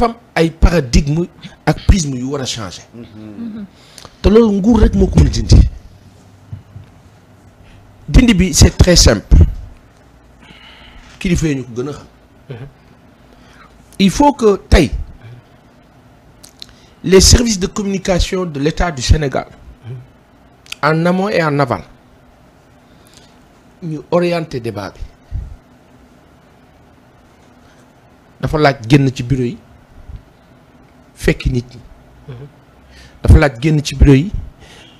dafa am ay paradigme ak prisme yu war a changer. te loolu nguur rek moo ko mën dindi. dindi bi c'est très simple. kilifa ñu ko gën a xam. il faut que tey les service de communication de l'État du Sénégal. en amont et en aval. ñu orienter débat bi. dafa laaj génn ci bureau yi. fekki nit ñi mhm. dafa laaj génn ci bureau yi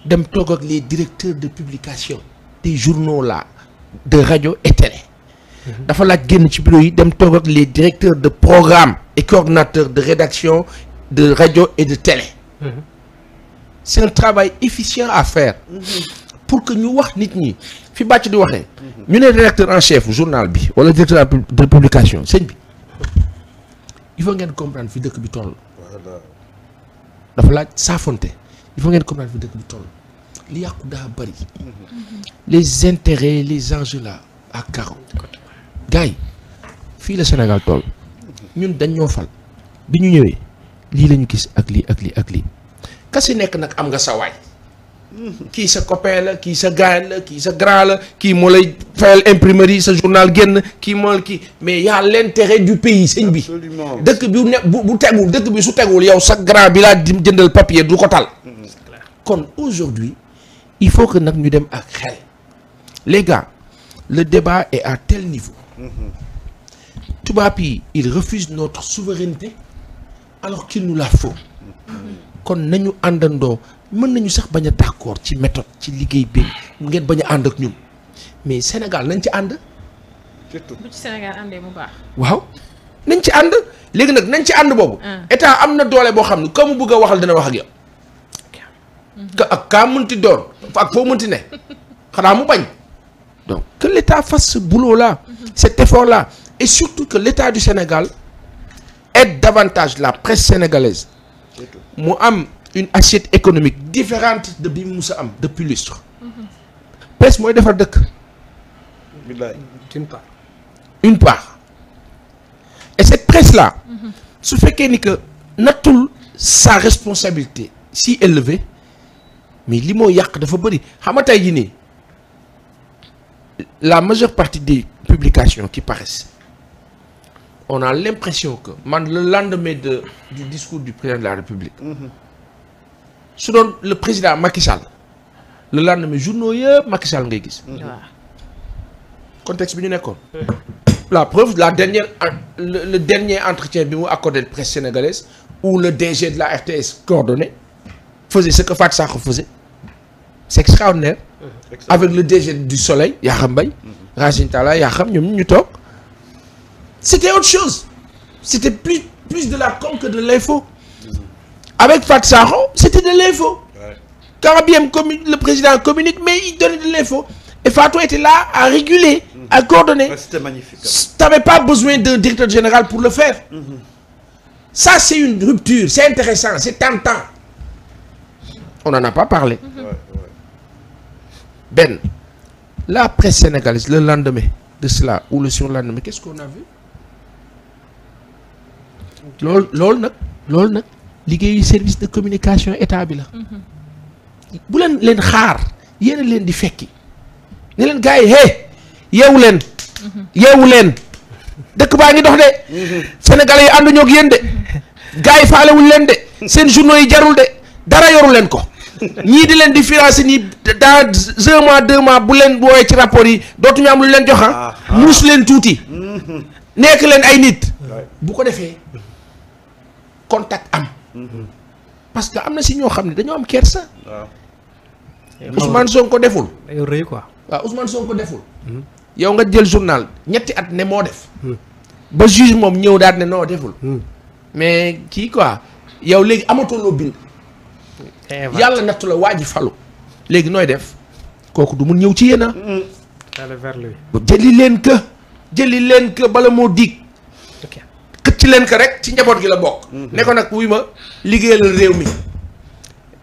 dem toog ak les directeurs de publication des journaux là de radio et télé mhm. dafa laaj génn ci bureau yi dem toog ak les directeur de programme et coordonnateurs de rédaction de radio et de télé mhm. c'est un efficient à faire pour que ñu wax nit ñi fi bàcc di waxee ñu ne rédacteur en chef journal bi wala directeur de publication sëñ bi il faut ngeen comprendre fi dëkk bi toll dafa laaj saafonte il faut ngeen comprendre fi dëkk bi toll li yàqu daa bëri les intérêts les enjeux là ak karo gars yi fii la Sénégal toll ñun dañ ñoo fal bi ñu ñëwee lii la gis ak lii ak lii ak lii kasi nekk nag am nga sa waay kii sa copain la kii sa gaay la kii sa grand la kii moo lay fayal imprimerie sa journal génn kii moo kii mais y a l'intérêt du pays sëñ bi dëkk bi ne bu tegul dëkk bi su tegul yow sa grand bi laa jëndal papier du ko tal mm-hmm. kon aujourd'hui il faut que nag ñu dem ak xel les le débat est à tel niveau mm-hmm. tubaab yi il refuse notre souveraineté alors qu'il nous la faut mm-hmm. kon nañu àndandoo mën nañu sax bañ a d'accord ci méthode ci liggéey bi ngeen bañ ànd ak ñun mais Sénégal nañ ci ànd. surtout bu ci waaw nañ ci ànd léegi nag nañ ci ànd boobu. Ah. état am na doole boo xam ne ka mu bëgg a waxal dina wax ak yow. Mm-hmm. ka munti kaa mënti doon ak foo mënti ne xanaa mu bañ. donc que l'État fasse ce mm-hmm. cet effort-là et surtout que l'État du Sénégal aide davantage la presse sénégalaise. mu am. une assiette économique différente de bi mu sa am depuis lustre presse mooy defar dëkk une part une part et cette presse là su fekkee ni que nattul sa responsabilité si élevée mais li moo yàq dafa bëri xam nga tey jii nii la majeure partie des publications qui paraissent on a l'impression que man le lendemain de du discours du président de la République mm -hmm. su doon le président Macky Sall le lendemain journaux yëpp Macky ngay gis. Mm-hmm. contexte bi ñu nekkoon. Mm-hmm. la preuve la dernière le, dernier entretien bi mu accordé presse sénégalaise où le DG de la RTS coordonné faisait ce que Fatou Sakho faisait c'est extraordinaire. Mm-hmm. avec le DG du Soleil Yakham Mbaye. Racine Talla Yakham ñoom ñu toog. c'était autre chose c'était plus plus de la com que de l'info Avec Fat Saro, c'était de l'info. Ouais. Quand bien le président communique, mais il donnait de l'info. Et Fatou était là à réguler, à coordonner. directeur général pour le faire. Mmh. Ça, c'est une rupture, c'est intéressant, c'est tentant. On n'en a pas parlé. Ben, la presse sénégalaise, le lendemain de cela, ou le surlendemain, qu'est-ce qu'on a vu? liggéeyu service de communication état bi la. Mm-hmm. bu leen leen xaar yéen leen di fekki ne leen gars yi hey yeewu leen. Mm-hmm. yeewu leen dëkk baa ngi dox de. Mm-hmm. Sénégalais yi ànduñoo ak yéen de. gars yi leen de. seen journaux yi jarul de dara yoru leen ko. ñii di leen di financé nii dans un mois deux mois bu leen woowee ci rapport yi dootuñu am lu leen jox ah. Ah, ah. muus leen tuuti. nekk leen ay nit. bu ko defee contact am. parce que am na si ñoo xam ne dañoo am kersa. waaw. Ousmane Sonko deful. dañoo rëy quoi. waaw Ousmane Sonko deful. Hmm. yow nga jël journal ñetti at ne moo def. Hmm. ba juge moom ñëw daal ne noo deful. Hmm. mais kii quoi yow léegi amatuloo bind. yàlla nattu la waa ji falu. léegi nooy def kooku du mun ñëw ci yéen a. jëli leen que jëli leen bala moo dig. leen ko rek ci njaboot gi la bokk. Mhm. ne ko nag wuy ma liggéeyal réew mi.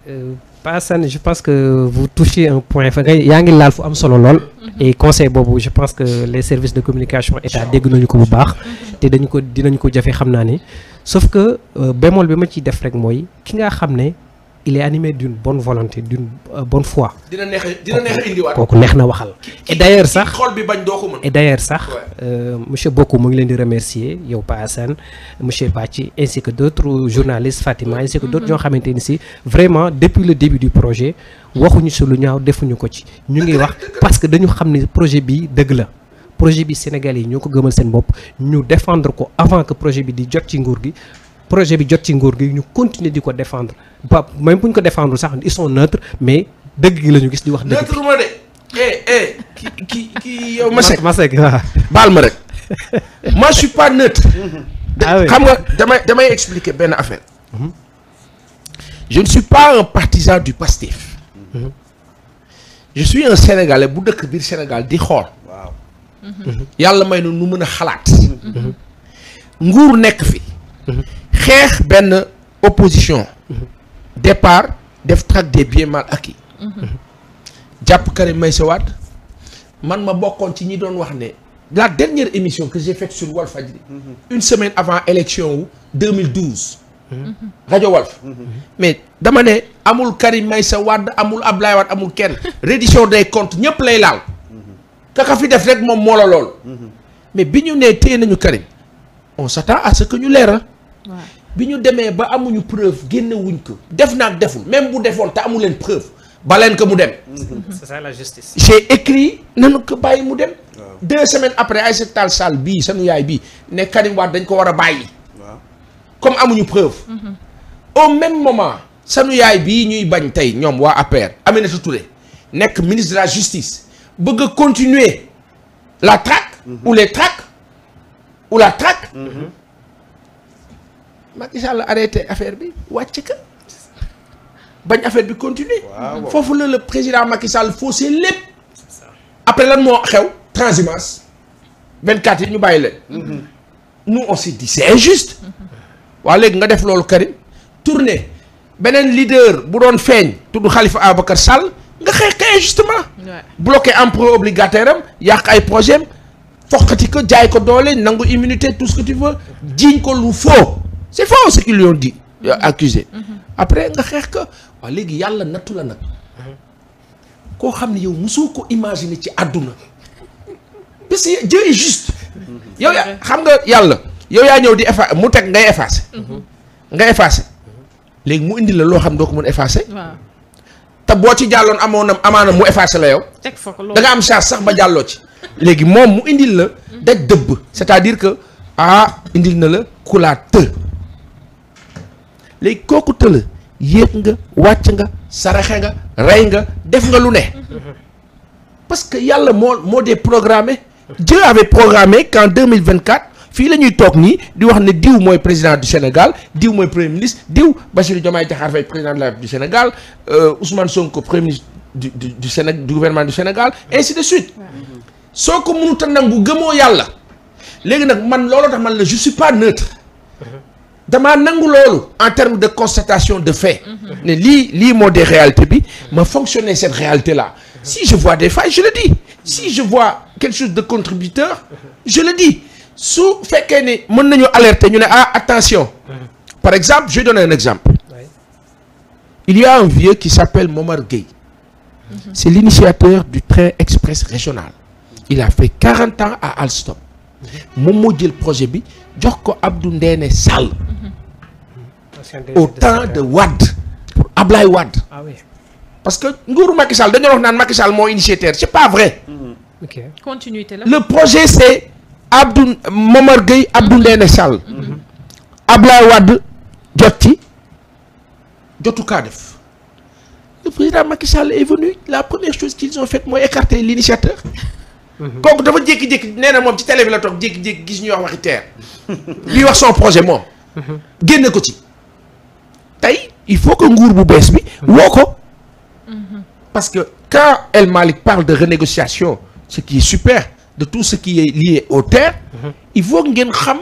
Euh, pa Assane je pense que vous touchez un point fa eh, yaa ngi laal fu am solo lool. Mhm. et conseil boobu je pense que les service de communication état dégg nañu ko bu baax. Mhm. te dañu ko dinañu ko jafe xam naa ni sauf que euh, bemool bi ma ciy def rek mooy ki nga xam ne. il est animé d'une bonne volonté d'une euh, bonne foi. dina neex kooku neex na waxal. et d'ailleurs sax xol bi bañ doo et d'ailleurs sax euh, monsieur Boku mu ngi leen di remercier yow Pa Assane monsieur Bathie ainsi que d'autres journalistes Fatima ainsi que d'autres ñoo mm-hmm. xamante ni si vraiment depuis le début du projet waxuñu si lu ñaaw defuñu ko ci ñu ngi wax parce que dañu xam ne projet bi dëgg la. projet bi Sénégal yi ñoo ko gëmal seen bopp ñu defendre ko avant que projet bi di jot ci nguur gi projet bi jot ci nguur gi ñu continuer di ko défendre ba même bu ko défendre sax ils sont mais dëgg gi lañu gis di wax. dëgg neutre ma eh, eh, ki ki ki yow. Masek Masek waaw. baal ma rek moi je suis pas neutre. Ah xam nga damay damay expliquer benn affaire. Mhm. je ne suis pas un partisan du Pastef. Mhm. je suis un sénégalais bu dëkk biir Sénégal di xool. Mhm. yàlla may na nu mën a xalaat. nguur nekk fi. xeex benn opposition départ def traque des biens mal acquis jàpp Karim Meïssa Wade man ma bokkoon ci ñi doon wax ne la dernière émission que j'ai faite sur Walfadjri une semaine avant élection wu 2012 rajo Walf mais dama ne amul Karim Meïssa Wade amul Ablaye Wade amul kenn reddition des comptes ñépp lay laal kaka fi def rek moom moo la lool mais bi ñu nee téye nañu Karim on s'attend à ce que ñu leer bi ñu demee ba amuñu preuve génnewuñ ko def naa deful même bu defoon te amu leen ba leen ko mu dem. c'est ça la justice. j'ai écrit nanu ko bàyyi mu dem. deux semaines après Aïssata Tall Sall bii sanu yaay bii ne Karim Wade dañ ko war a bàyyi. comme amuñu preuve. Mm-hmm. au même moment sanu yaay bii ñuy bañ tey ñoom waa APR Aminata Touré nekk ministre de la justice bëgg a continuer la traque. Mm-hmm. ou la traque. Mm-hmm. Macky Sall arrêté affaire bi wàcc ka bañ affaire bi continuer foofu la le président Macky Sall faussé lépp après lan moo xew transhumance 24 yi ñu bàyyi leen mhm. nous on s'est dit injuste mhm. waa léegi nga def loolu Karim tourné beneen leader bu doon feeñ tudd Khalifa Abacar Sall nga xeex ka injustement bloqué emprunt obligataire am yàq ay projet am foqati ko jaay ko doole nangu immunité tout que tu veux jiiñ ko lu faux c'est faux ce qu'ils lui ont dit mm-hmm. Mm-hmm. après nga xeex ko waaw léegi yàlla nattu la nag mm-hmm. koo xam ne yow mosoo ko imaginer ci àdduna parce que Dieu juste yow yaa xam nga yàlla yow yaa ñëw di effa mu teg ngay effacé nga effacé léegi mu indi la loo xam doo ko mën effacé te boo ci jàlloon amoon amaana mu effacé la yow da nga am chance sax ba jàlloo ci léegi moom mu indil la daj dëbb c'est-à-dire que ah indil na la kulaat të léegi kooku tëla yéeg nga wàcc nga saraxe nga rey nga def nga lu ne parce que yàlla moo moo dee programmé Dieu avait programmé qu'en 2024 fii la toog nii di wax ne diw mooy président du Sénégal diw mooy premier ministre diw Bassirou Diomaye Diakhar Faye président de la du Sénégal euh, Ousmane Sonko premier ministre du du Sénégal du gouvernement du Sénégal ainsi de suite soo ko mënut a nangu gëmoo yàlla léegi nag man looloo tax man la je suis pas neutre damaa nangu loolu en termes de constatation de fait ne lii lii moo des réalité bi ma fonctionner cette réalité là si je vois des failles je le dis si je vois quelque chose de contributeur je le dis su fekkee ni mën nañu alerter ñu ne ah attention par exemple je vais exemple il y a un vieux qui s'appelle Momar Gueye mhm. c'est l'initiateur du train express régional il a fait 40 ans à Alstom moom moo jël projet bi jox ko Abdou Ndéné Sall. au temps de Wade pour Ablaye Wade. ah parce que nguuru Macky Sall dañoo wax naan Macky Sall moo initiateur c'est pas vrai. Mm-hmm. le projet c'est Abdou Momar Gueye Abdou Ndéné Sall. Mm-hmm. Ablaye Wade jot ci jotu kaa def. le président Macky est venu la première chose qu'ils ont faite mooy écarter l'initiateur Mhm. kooku dafa jékki-jékki nee na moom ci télé bi la toog jékki-jékki gis ñuy wax waxi TER. Mhm. liy wax son projet moom. Mhm. génne ko ci. tey il faut que nguur bu bees bi woo ko. parce que quand El Malick parle de renégociation ce qui est super de tout ce qui est lié au terres. il faut ngeen xam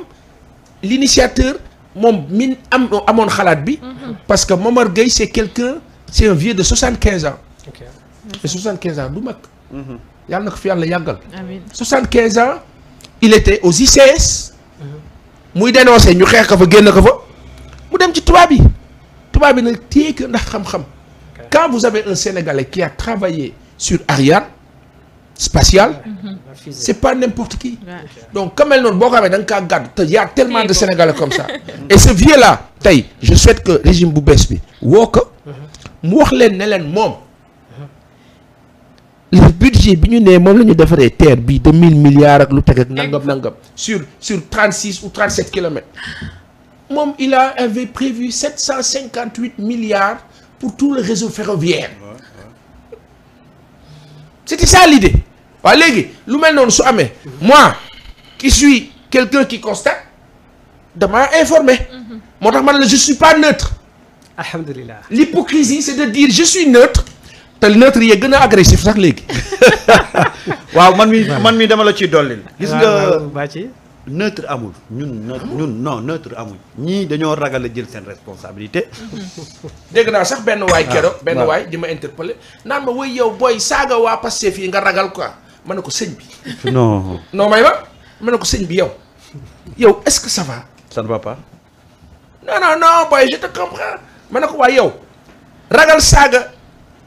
l'initiateur moom min am amoon xalaat bi. parce que Momar Gueye c'est quelqu'un c'est un vieux de soixante quinze ans. ok te soixante mag. yàlla na ko fi yàlla yàggal. amiin 75 ans il était aux ICS. muy dénoncé ñu xeex a fa génn ko fa mu dem ci tubaab yi tubaab yi nag téye ndax xam-xam. quand vous avez un Sénégalais qui a travaillé sur Ariane spatiale. Mhm. c'est pas n'importe qui. donc ku mel noonu boo ko amee da nga kaa te y a tellement de Sénégalais comme ça. et ce vieux là tey je souhaite que régime bu bees bi woo ko. Mhm. mu wax leen ne leen moom. le budget bi ñu nee moom la ñu defaree terre bi de mille milliards ak lu teg ak nangam nangam sur sur trente six ou trente sept kilomètres moom il a avait prévu cent cinquante huit milliards pour tout le réseau ferroviaire c'était ça l'idée waaw léegi lu mel noonu su amee moi qui suis quelqu'un qui constate dama informé mhm. moo tax man la je suis pas neutre alhamdulillah l'hypocrisie c'est de dire je suis neutre te neutre yi gën a agressif sax léegi. waaw man mi man mi dama la ciy dollil. gis nga neutre amul ñun ñun non neutre amul ñii dañoo ragal a jël seen responsabilité. dégg naa sax benn waay ah, keroog benn waay di ma interpellé naan ma woy yow booy saaga waa Pastef fii nga ragal quoi mën na ko sëñ bi. non non may ma ma ne ko sëñ bi yow yow est-ce que ça va. ça ne va pas. non non non booy je te comprends ma ne ko waaye yow ragal saaga.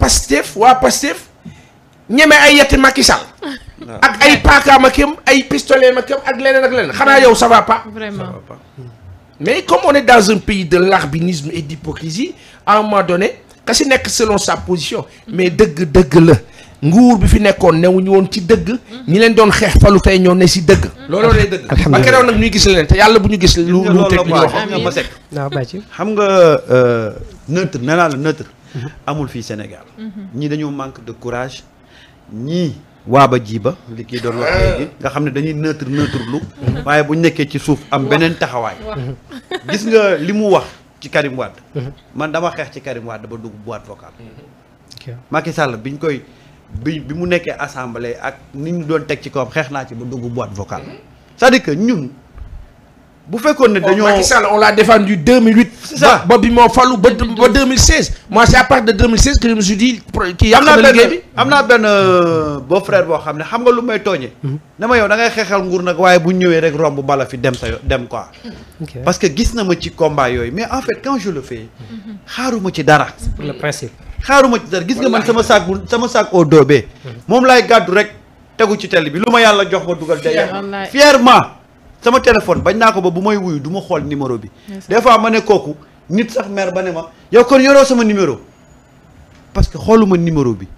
Pastef waa Pastef ñeme ay yetti Macky Sall ak ay paaka ma kem ay pistolet ma kem ak leneen ak leneen xanaa yow ça va pas vraiment hmm. mais comme on est dans un pays de larbinisme et d'hypocrisie à un moment donné ka si nekk selon sa position mais dëgg dëgg la nguur bi fi nekkoon newuñu woon ci dëgg hmm. ñu leen doon xeex falu tey ñoo ne si dëgg hmm. looloo lay dëgg ba keroog nag ñuy gis leen te yàlla bu ñu gis lu lu teg lu ñu wax xam nga euh, neutre nee la neutre Mm-hmm. amul fii Sénégal. Mm-hmm. ñii dañoo manque de courage ñii waaba jiiba li kii doon wax eh. nga xam ne dañuy neutre neutre lu. Mm-hmm. waaye bu ñu nekkee ci suuf am beneen taxawaay. gis nga li mu wax ci Karim Wade. man dama xeex ci Karim Wade ba dugg boîte vocale. Macky Sall biñ koy bi bi mu nekkee assemblée ak ni ñu doon teg ci kawam xeex naa ci ba dugg boîte vocale cest à ñun. bu fekkoon ne dañoo Macky Sall on l'a défendu 2008 ça bopp bi moo falu ba ba 2016 moi c'est à partir de 2016 que je me suis dit kii yàq na liggéey bi am naa benn euh, beau frère boo xam ne xam nga lu may tooñee mhm. ne ma yow da ngay xeexal nguur nag waaye bu ñëwee rek romb bala fi dem sa dem quoi parce que gis na ma ci combat yooyu mais en fait quand je le fais mhm. xaaruma ci dara c'est pour le principe xaaruma ci dara gis nga man sama saak bu sama saak au doobee mhm. moom laay gàddu rek tegu ci télé bi lu ma yàlla jox ma dugal day fièrement sama téléphone bañ naa ko ba bu may wuyu duma xool numéro bi. des fois ma ne kooku nit sax mer ba ne ma yow ko yoroo sama numéro parce que xooluma numéro bi.